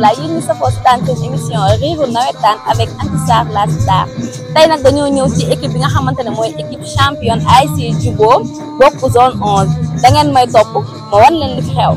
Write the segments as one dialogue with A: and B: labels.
A: rahmatulah yéen ñi safoo si tànn seen émission riiru nawetaan avec Anty Sarr la star tey nag dañoo ñëw ci équipe bi nga xamantene moy équipe champion IC Jubo bokk zone 11 da ngeen may top mo wan leen li fi xew.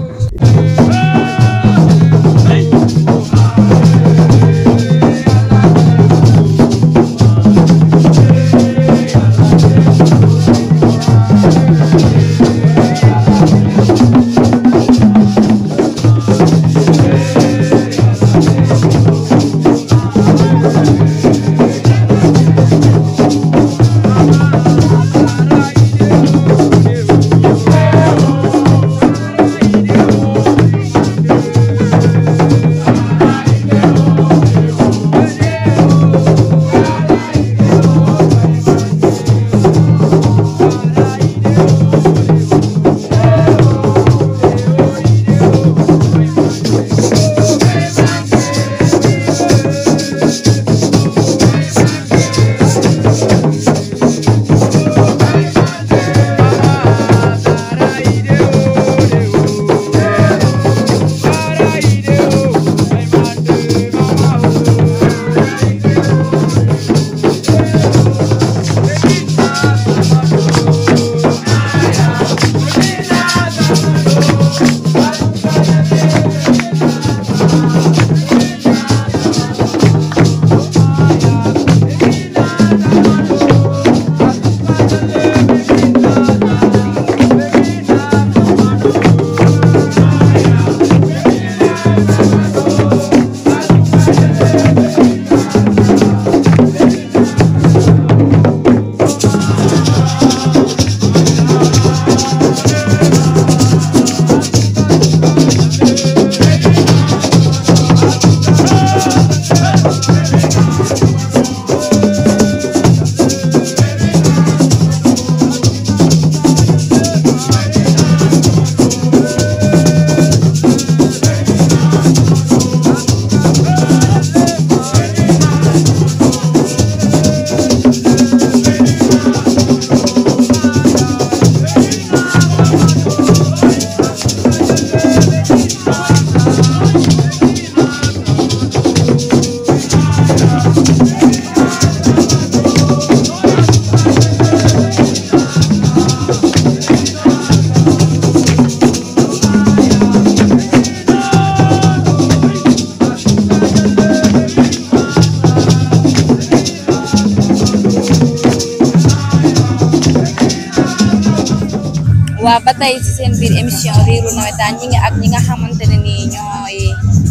A: tey ci seen biir émission riiru nawetaan ñi ñi nga xamante ne nii ñooy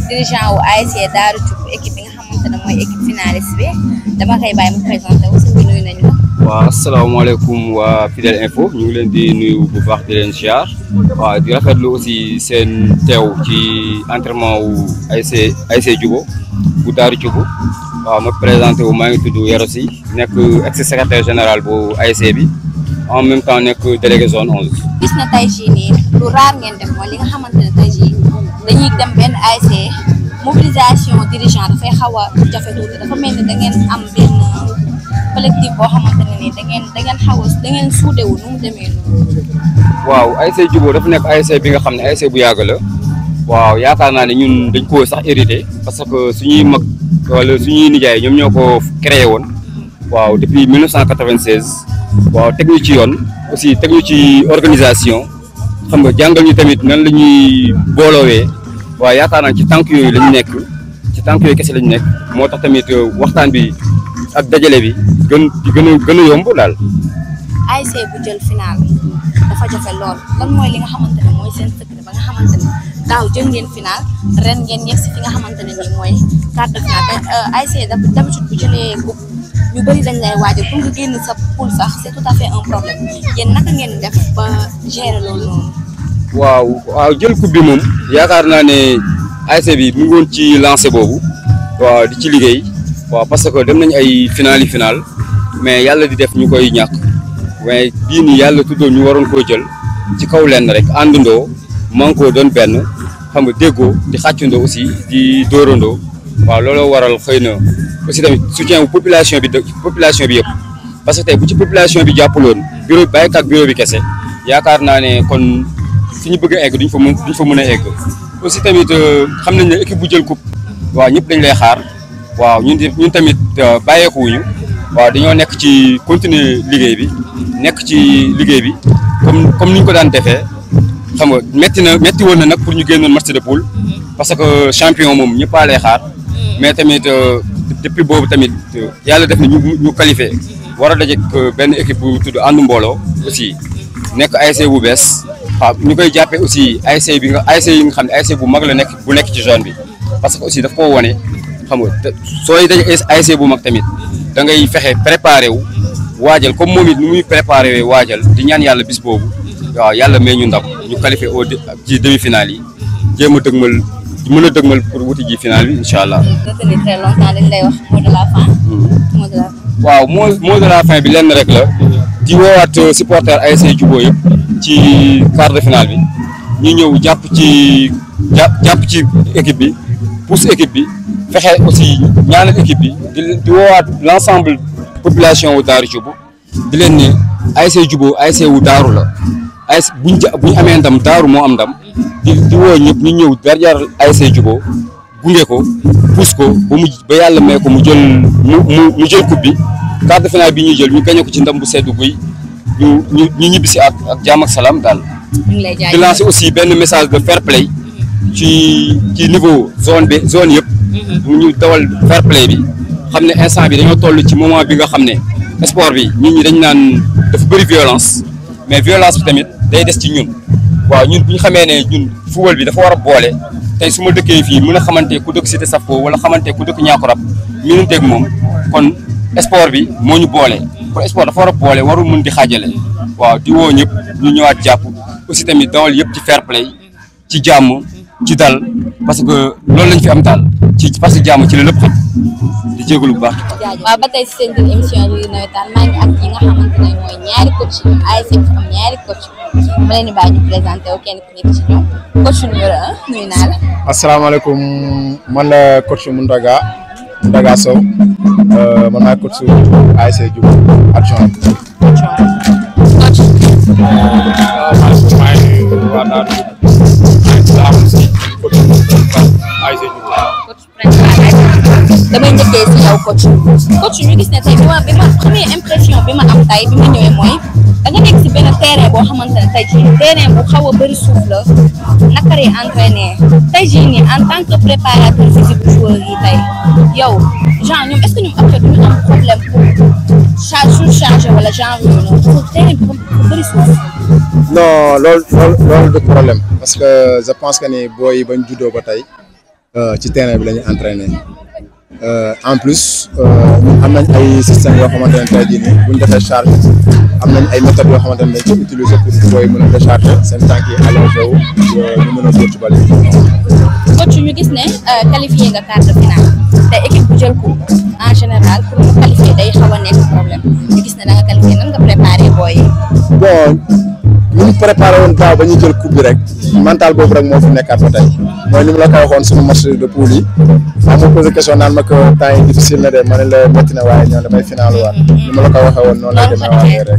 A: dirigeant wu ASC Daaru Cubb équipe bi nga xamante ne mooy équipe finaliste bi dama koy bàyyi mu présenté wu sëñ bi nuyu nañu la.
B: waaw asalaamaaleykum waa Fidèle Info ñu ngi leen di nuyu bu baax di leen ziar waaw di rafetlu aussi seen teew ci entraînement wu ASC ASC Jubo bu Daaru Cubb waaw ma présenté wu maa ngi tudd Yero Sy nekk ex secrétaire général bu ASC bi. en même temps nekk délégué zone 11.
A: gis na tey jii raar ngeen def mooy li nga xamante ne tey dem benn ASC mobilisation dirigeant dafay xaw a jafe tuuti dafa mel ni am benn collectif boo xamante ne nii da wu nu mu demee
B: waaw ASC Juboo dafa nekk ASC bi nga xam ne ASC bu yàgg la. waaw yaakaar naa ne ñun dañ koo sax hérité parce que suñuy mag wala suñuy nijaay ñoom ñoo ko créé woon waaw depuis 1996. waaw teg ñu ci yoon aussi teg ñu ci organisation xam nga jàngal ñu tamit nan la ñuy booloowee waaw yaakaar naa ci tànk yooyu lañu nekk ci tànk yooyu kese lañu nekk moo tax tamit euh, waxtaan bi ak dajale bi gën gën a gën a yomb daal.
A: ASC bu jël final dafa jafe lool lan mooy li nga xamante mooy seen secret ba nga xamante ne jël ngeen final ren ngeen yegg si fi nga xamante ne nii mooy quart de final euh, ASC d'habitude bu jëlee coupe ñu bëri dañ lay waajal pour nga génn sa poule sax c'est tout à fait un problème yéen naka ngeen def ba gérer loolu noonu.
B: waaw waaw jël coupe bi moom yaakaar naa ne ASC bi mu ci lancé boobu waaw di ci liggéey waaw parce que dem nañ ay final yi final mais yàlla di def ñu koy ñàkk waaye bii nii yàlla tuddoon ñu waroon ko jël ci kaw lenn rek àndandoo man koo doon benn xam nga déggoo di xàccandoo aussi di dóorandoo. waaw looloo waral xëy na aussi tamit soutien wu population bi population bi yëpp parce que tey bu ci population bi jàppaloon bureau bi bàyyi ak bureau bi kese yaakaar naa ne kon fi ñu bëgg a egg duñ fa mën duñ fa mën a egg aussi tamit euh, xam nañ ne équipe bu jël coupe waaw ñëpp dañ lay xaar waaw ñun ñun tamit euh, bàyyeekuwuñu waaw dañoo nekk ci continuer liggéey bi nekk ci liggéey bi comme comme ni ñu ko daan defee xam nga metti na metti na nag pour ñu génnoon match de poule parce que champion moom ñëpp a xaar mais tamit euh, depuis boobu tamit euh, yàlla def na ñu ñu qualifié war a daje euh, benn équipe bu tudd àndu mbooloo aussi nekk ay ASC bu bees waaw ñu koy jàppee aussi ASC bi nga ASC yi nga xam ne ASC bu mag la nekk bu nekk ci zone bi parce que aussi daf koo wone xam nga sooy daje ASC bu mag tamit da ngay fexe préparé wu waajal comme moom it nu muy préparé waajal di ñaan yàlla bis boobu waaw yàlla may ñu ndaw ñu qualifié au ci demi-finale yi jéem a dëgmal mën a dëgmal pour wuti ji final bi incha allah.
A: très longtemps dañ lay la fin.
B: waaw mot mot bi lenn rek la. di woowaat euh, supporter ASC Juboo yëpp ci quart de finale bi ñu ñëw jàpp ci jàpp jàpp ci équipe bi pousse équipe bi fexe aussi ñaanal équipe bi di di woowaat l' population wu Daaru Juboo di leen ne ASC Juboo ASC wu Daaru la ASC buñ buñ amee ndam Daaru moo am ndam. di di woo ñëpp ñu ñëw derrière ASC Diougo gunge ko pousse ko ba mu ba yàlla may ko mu jël mu mu jël bi quart de finale bi ñuy jël ñu gañe ci ndam bu sedd guy ñu ñu ñu ñibbi si ak ak jaam ak salaam daal. di aussi benn message de fair play ci ci niveau zone bi zone yëpp. Mhm. ñu dawal fair play bi xam ne instant bi dañoo toll ci moment bi nga xam ne sport bi nit ñi dañ naan dafa bëri violence mais violence tamit day des ci ñun. waaw ñun bi ñu xamee ne ñun football bi dafa war a boole tey su ma dëkkee fii mën a xamante ku dëkk Cité Safo wala xamante ku dëkk Niakoulrab miinanteeg moom kon sport bi moo ñu boole kon sport dafa war a boole warul mun di xaajale waaw di woo ñëpp ñu ñëwaat jàpp aussi tamit dawal yëpp ci fair play ci jàmm ci dal parce que loolu lañ fi am daal ci parce que jàmm ci la lépp di jégalu
A: waaw ba tey si seen biir émission bi nawetaan maa ngi ñaari coach ñaari coach ma leen di bàyyi ñu présenté wu kenn nekk ci ñoom coach numéro un nuyu naa
C: man la coach Moundaga Moundaga Sow man maay coach ASC Diouf
A: damay njëkkee si yow coach coach ñu gis ne tey bi ma bi ma première impression bi ma am tey bi ma ñëwee mooy da nga nekk si benn terrain boo xamante ne tey jii terrain bu xaw a bëri suuf la nakaree entraîné tey jii nii en tant que préparateur physique bu joueur yi tey yow genre ñoom est-ce que ñoom après duñu am problème pour charge surcharge wala genre yooyu noonu pour terrain bi bu bëri suuf.
C: non loolu loolu loolu du problème parce que je pense que ni booy yi bañ juddoo ba tey. Euh, ci terrain bi la ñu entraîner euh, en plus euh, ñun am nañ ay système yoo xamante ne tey jii nii bu ñu defee charge am nañ ay méthodes yoo xamante ne dañ ko utiliser pour booy mën a décharger seen tànk yi allongé wu ñu mën a góor ci bal yi.
A: coach ñu gis ne qualifié nga quart de finale te équipe bu jël ko en général pour mu qualifier day xaw a nekk problème ñu gis ne da nga qualifié nan nga préparé booy yi.
C: bon. ni ñu préparé ba ñuy jël coupe bi rek mental boobu rek moo fi nekkaat ba tey mooy ni mu la ko waxoon suñu match de poule yi maa ma posé question naan ma ko temps yi la métti na waaye ñoom damay final waat ni ma la ko waxee rek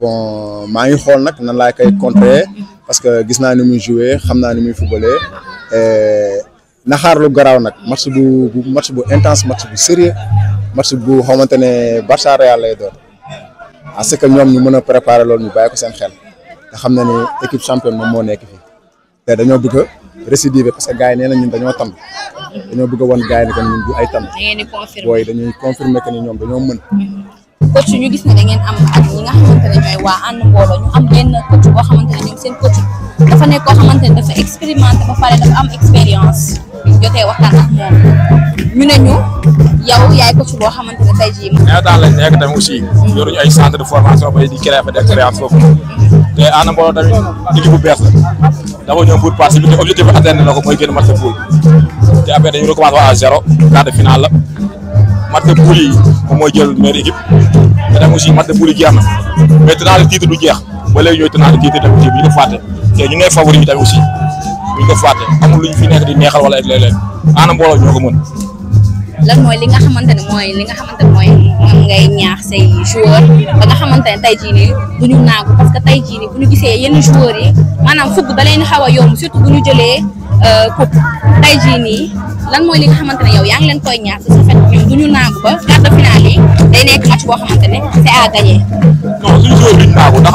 C: bon maa ngi xool nag nan laa koy contrer parce que gis naa ni muy jouer xam naa ni muy footballer eh, naxaar lu garaaw nag marché bu bu bu intense match bu sérieux match bu xamante ne Barça Real lay doon à ce que ñoom ñu mën a préparer loolu ñu bàyyi ko seen xel nga xam na ni équipe championne moom moo nekk fii te dañoo bëgg a récidiver parce que gars nee na ñun dañoo tam dañoo bëgg a wan gars yi ne que ñun du ay tàmm booy dañuy confirmer que ni ñoom dañoo mën.
A: coach ñu gis ne da ngeen am ak ñi nga xamante ne ñooy waa ànd ñu am benn coach boo xamante ne ñoom seen coach dafa nekk koo xamante ne dafa expérimenté ba pare dafa am experience. jotee waxtaan ak moom ñu ne ñu yow yaay coach boo xamante ne tey jii. mais
D: daal lañ nekk tamit aussi yoruñu ay centre de formation ba di créer fa d' expérience foofu te ànd mbooloo tamit liggéey bu bees la dafa ñëw pour passivité objectif bi atteindre na ko mooy génn marché poule te après dañu recommencé à zéro quart de finale la marché poule yi moom jël meilleure équipe te def aussi match pour jeex na mais tenant de du jeex ba léegi ñooy tenant de titre def aussi bu ñu ko fàtte te ñu ngay favori yi tamit aussi bu ñu amul fi di neexal wala ak léeg-léeg ana ko mën.
A: lan mooy li nga xamante ne mooy li nga xamante ne mooy moom ngay ñaax say joueur ba nga xamante ne nii du naagu parce que tey jii nii bu ñu gisee yenn joueurs yi maanaam fukk da leen xaw a bu ñu jëlee. coupe euh, tey jii nii lan mooy li nga xamante ne yow yaa ngi leen koy ñaar su fekkee ñoom naagu ba quart de day nekk match boo xamante ne c'est à gagner.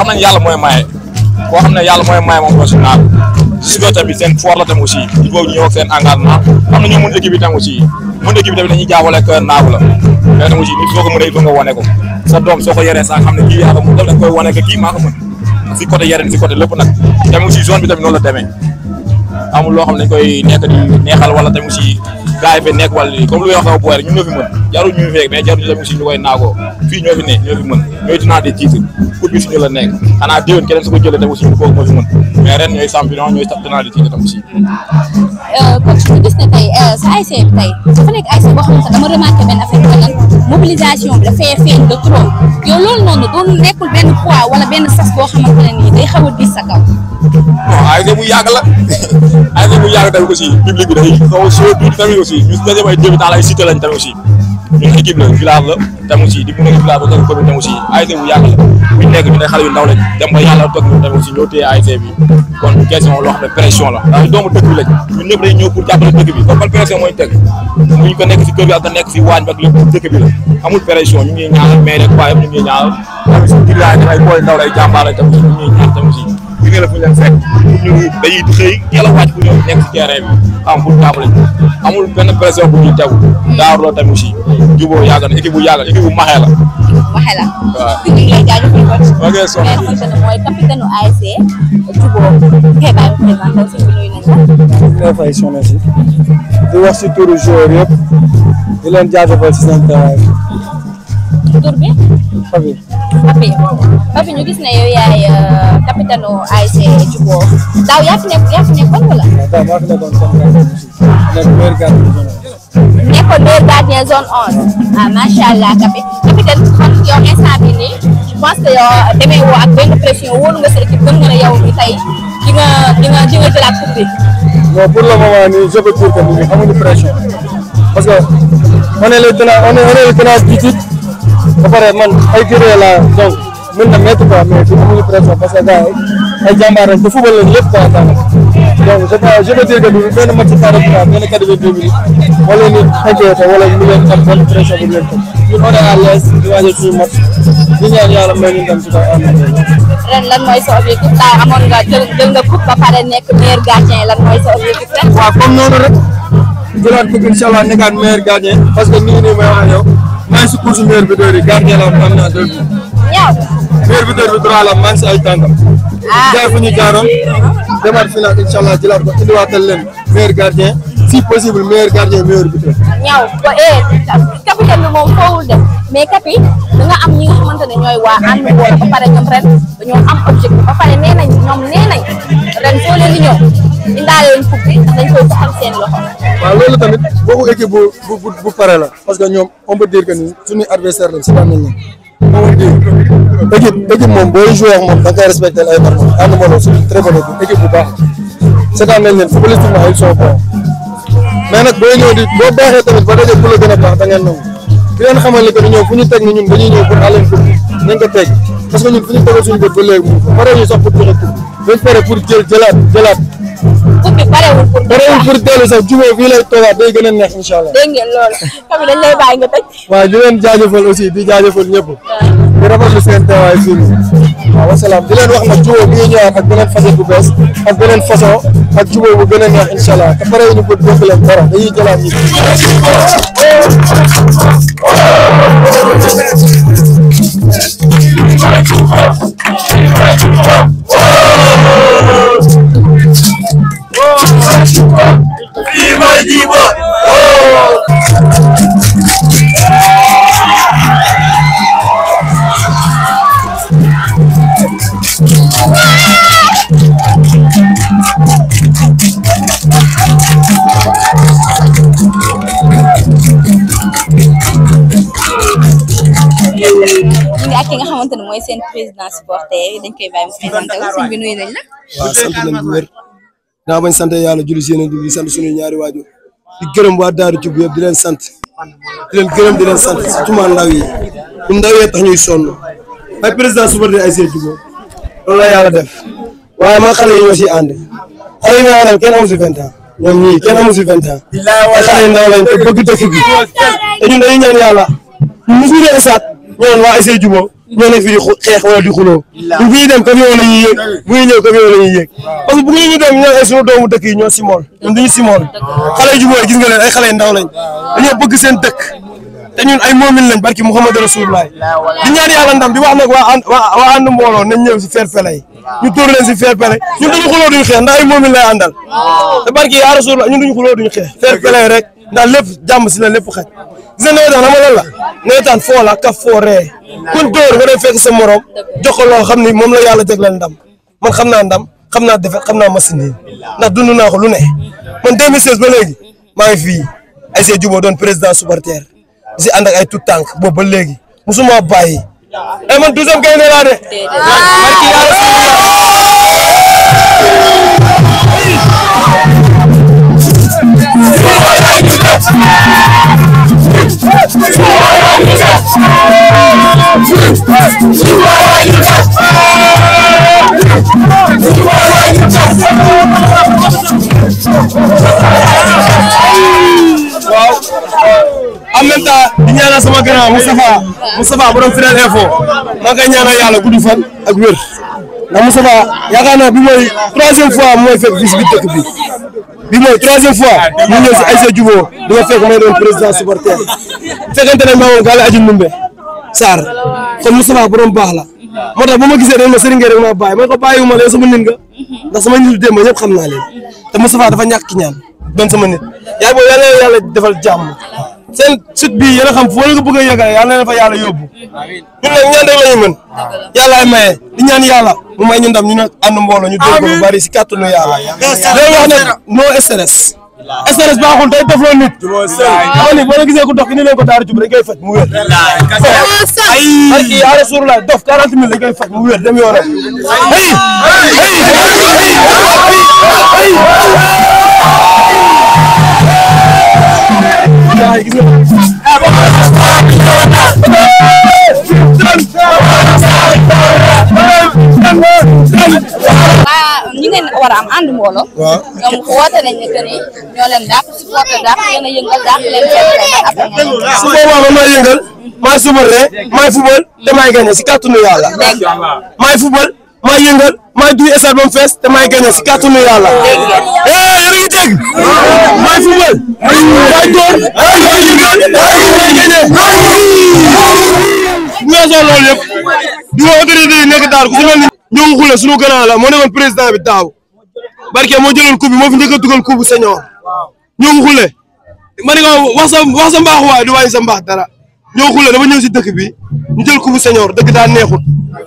D: nañ yàlla mooy maye koo xam ne yàlla mooy maye moom mooy suñu naagu su seen foor la tam aussi il seen engagement xam na ñoo mën équipe bi tam aussi mën équipe bi tamit dañuy jaawale ak euh, la mais tam aussi soo ko mënee il faut nga wane ko sa doom soo ko yoree sax xam ne kii yaa ko mën daf leen koy wane que kii maa ko mën si côté yeneen si côté lépp nag tamit aussi zone bi tamit noonu la demee amul loo xam ne dañ koy nekk di neexal wala tamit si gaay fi nekk wala lii comme lu may wax sama booy rek ñun ñoo fi mën jarul ñu fi fekk mais jarul ñu dem si ñu koy naagoo fii ñoo fi ne ñoo fi mën ñooy dinaa di jiite pour bi suñu la nekk xanaa déwén keneen su ko jëlee tamit suñu kooku moo fi mën mais ren ñooy champion ñooy dinaa di jiite
A: tam aussi. kon euh, suñu gis ne tey euh, sa ASC bi tey dafa nekk ASC boo xam ne dama remarqué benn affaire wala mobilisation bi dafay feeñ de trop yow loolu noonu doon nekkul benn poids wala benn sas boo xamante ne nii day xaw a diis sa kaw.
D: bon ASC bu yàgg la ASC bu yàgg tamit aussi public bi day xaw a sóor tuuti tamit aussi ñu daje ay débutants ay cité la village la tam aussi di mu nekk village ba nekk commune bi doomu dëkk bi la amul pression ñu ngi ñaanal mais rek waaye ñu ngi ñaanal tamit si dilaay ay booy ndaw lay jàmbaar lañ tam aussi ñu ngi ñu ne la fu ñu leen fekk ñu dañuy bu ñëw nekk ci terrain bi am pour benn pression bu ñuy tegu daaru la tamit aussi la. maxee la waaw ñu
A: ngi lay jaajëfal coach. ok so mooy capitaine u ASC jubóo ngay bàyyi mu présenté aussi nuyu nañ
E: la. di wax si turu joueur yëpp di leen
B: jaajëfal si seen tur bi. Fabi.
A: Fabi Fabi ñu gis ne yow yaay euh, capitaine ASC Djougo daaw yaa fi nekk yaa fi nekkoon wala.
E: daaw maa fi nekkoon comme nekkoon
A: meilleur gardien zone onze. ah macha allah Kapi capitaine xam yow instant bi nii je pense que yow demee woo ak benn pression wóolu nga sa équipe gëm nga ne yow ñu tey di nga di nga di nga jëlaat coupe bi.
E: non pour le moment nii je peux dire que amuñu pression parce que on est le tenant on est le tenant du titre ba pare man ay guerrier la donc mën na métti quoi mais duñu muñu pression parce que gars yi ay jàmbaar lañ te football lañ lépp quoi daanaka donc je je veux dire que du benn match par exemple benn catégorie deux minutes wala ñu inquiété wala ñu leen am benn pression bu leen ko ñun on est à l'aise di waajal suñu match di ñaan yàlla may ñu dem ci kaw
A: am ren lan mooy sa objectif daaw amoon nga jël jël nga coupe ba pare nekk meilleur gardien lan mooy sa objectif ren.
E: waaw comme noonu rek jëlaat coupe incha allah nekkaat meilleur gardien parce que nii nii may wax ak yow. maa si course meilleur buteur gardien la am naa deux buts. ñëw. meilleur buteur bi trois la am maa si ay tànkam.
A: jaay ah. fu ñu jaaroon.
E: demaat final incha allah jëlaat ko indiwaatal leen meilleur gardien si possible meilleur gardien meilleur buteur.
A: ñëw ba eh capitaine bi moom foowul dem mais capi da nga am ñi nga ne ñooy waa ànd woon ba pare ñoom ren dañoo am objectif ba pare nee nañ ñoom nee nañ ren soo leen di waa leen
E: loolu tamit boobu équipe bu bu bu pare la parce que ñoom on peut dire que ni suñuy adversaire lañ si daan nañ la on peut dire équipe équipe moom booy joué ak moom da nga koy respecté ay normes ànd ma loolu c'est une très bonne équipe équipe bu baax seetaan nañ leen footballistiquement ils sont bons mais nag booy ñëw di boo baaxee tamit ba daje ku la gën a baax da ngeen nangu di leen xamal ni que ñoom fu ñu teg ni ñun dañuy ñëw pour àll bi nañ ko teg parce que ñun fu ñu ñu sax pour pare pour jël jëlaat jëlaat. coupe bi parewul pour. parewul pour teelu sax jubóo fii lay toogaat day gën a neex incha allah.
A: dégg ngeen loolu tamit dañ
E: lay bàyyi nga tëj. waaw di leen jaajëfal aussi di jaajëfal ñëpp. waaw di rafetlu seen teewaay fii nii. waaw wasalaam di leen wax nag jubóo bi ñu ñëwaat ak beneen facette bu bees ak beneen façon ak jubóo bu gën a neex incha allah te parewuñu pour dégg leen dara dañuy jëlaat ñi.
A: président supporter dañ koy bàyyi mu la. waaw sant nañ bu wér.
E: naa bañ sant yàlla julli si yeneen di sant suñu ñaari waajur di gërëm waa Daaru Cub sant di gërëm di sant surtout maa ndaw yi ñun ndaw ay président supporter ay seen jubóo loolu la yàlla def waaye man xale yi ñoo siy ànd xale yi nga xam ne kenn amu si vingt ans ñoom ñii kenn amu si vingt ans te xale yi ndaw lañ te bëgg dëkk bi te ñun ay seen ñoo nekk fi di xeex wala di xuloo bu ñuy dem camion la ñuy yéeg bu ñuy ñëw camion la ñuy yéeg parce que bu ñu dem ñoo suñu doomu dëkk yi ñoo simool ñun duñu simool xale yu jubóor gis nga leen ay xale yu ndaw lañ dañoo bëgg seen dëkk te ñun ay moomin lañ xeex ndax ay moomin lay barki yaa Rasulullah ñun duñu xuloo duñu xeex fair rek ndax lépp jàmm si la lépp xaj gis nga nawetaan xam nga lan la nawetaan foo la kaf foo ree kun dóor nga dem fekk sa morom loo xam ni moom la yàlla jagleel ndam man xam naa ndam xam naa defet xam naa machine yi dund naa ko lu ne man 2016 ba léegi maa ngi ay see doon président supporter di si ànd ay tout tànk boobu ba léegi musuma bàyyi ay eh, man douzième gaynde laa de en même di ñaanal sama grand Moustapha Moustapha borom Fidèle Info maa ngi koy ñaanal yàlla gudd fan ak wér ndax Moustapha yaakaar naa bi mooy troisième fois mooy fois di nga fekk may doon président supporter bu fekkente ne maa woon gaale aji numbe Sarr kon Moustapha borom baax la moo tax bu ma a dañ ma sëriñ rek ma bàyyi ma ko bàyyiwuma leen sama nit nga ndax sama nit démb ñëpp xam naa leen te Moustapha dafa ñàkk ki ñaan doon sama nit yàlla boobu yàlla na yàlla defal jàmm seen sut a xam foo a na fa la ñu mën yàlla bari si kàttanu yàlla loolu wax nag no stress stress baaxul day def loolu nit. xawli boo la gisee ku dox ki ni leen ko daara jub dañ koy faj mu wér. ay yaa rasulullah dof 40 mille dañ koy faj mu wér dem yoon rek. ay ay
A: ay ay waa ñi ngeen war a am ànd mbooloo. waaw ñoom woote nañ ne que ni ñoo leen dàq supporter dàq leen a yëngal dàq leen fekk su
E: boobaa man maa yëngal maa supporter maay football te maay gagné si kàttanu yàlla. maay football maay yëngal maay duy stade ba mu fees te maay gagné si kàttanu yàlla. dégg ngeen yéen a ngi dégg. maay football. maay door maay yëngal maay gagné. bu weesoo loolu yëpp di woo autorité yi nekk daal ku si mel ni ñoo xule suñu grand la moo nekkoon président bi daaw barke moo jëloon coupe bi moo fi njëkk a dugal coupe bu senior ñoo xule ma ne ko wax sa wax sa mbaax waaye du wàññi sa mbaax dara ñoo xule dama ñëw si dëkk bi ñu jël coupe bu senior dëkk daa neexul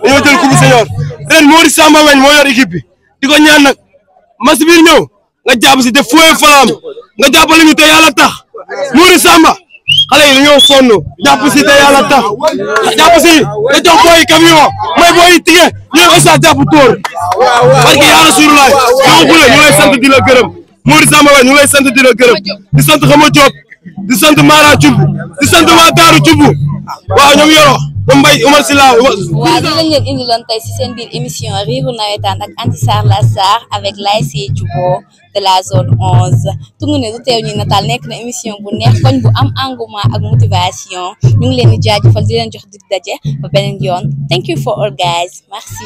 E: dañoo jël coupe bu senior ren Mori Samba Weñ moo yor équipe bi di ko ñaan nag mas biir ñëw nga jàpp si def fooye falaam nga jàppale ñu te yàlla tax Mori Samba xale yi dañoo sonn jàpp si te yàlla tax jàpp si te jox booy camion may booy tige ñu ngi stade jàpp tóor parce que yaa Rasulullah ñu lay sant di la gërëm Mouri Sambala ñu lay sant di la gërëm di sant Xama Diop di sant Mara Thioub di sant waa Daaru Thioub ñoom yoro Mbaye Omar Sylla waaw di
A: lañ leen indiloon tey si seen émission Riiru Nawetaan ak Anty Sarr la Sarr avec l'ASC Djoubo de la zone onze tungu du teew ñu nataal nekk na émission bu neex koñ bu am engouement ak motivation ñu ngi leen di jaajëfal di leen jox dig daje beneen yoon thank you for all merci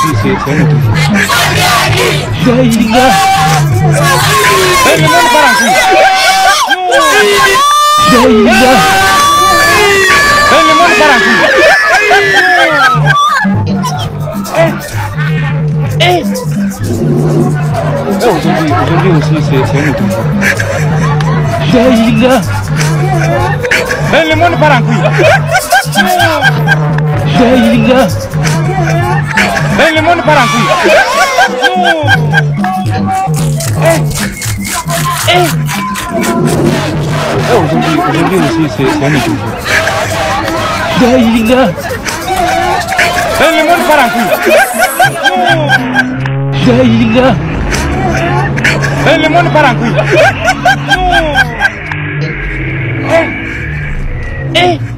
E: Isso, isso é muito bom. E aí, dá. Vai jogando para aqui. E aí, dá. Vai jogando para aqui. É. É. Eu já vi,
B: eu já vi o Cícero, isso é muito bom.
E: E aí, dá. Vai jogando para aqui. E aí, dá me manda para aqui. É. É.
B: É, hoje em dia, hoje em dia, assim, se é muito bom.
E: Daí, linda. É, me manda para aqui. Daí, linda. É, me manda para aqui. Ei! É. É.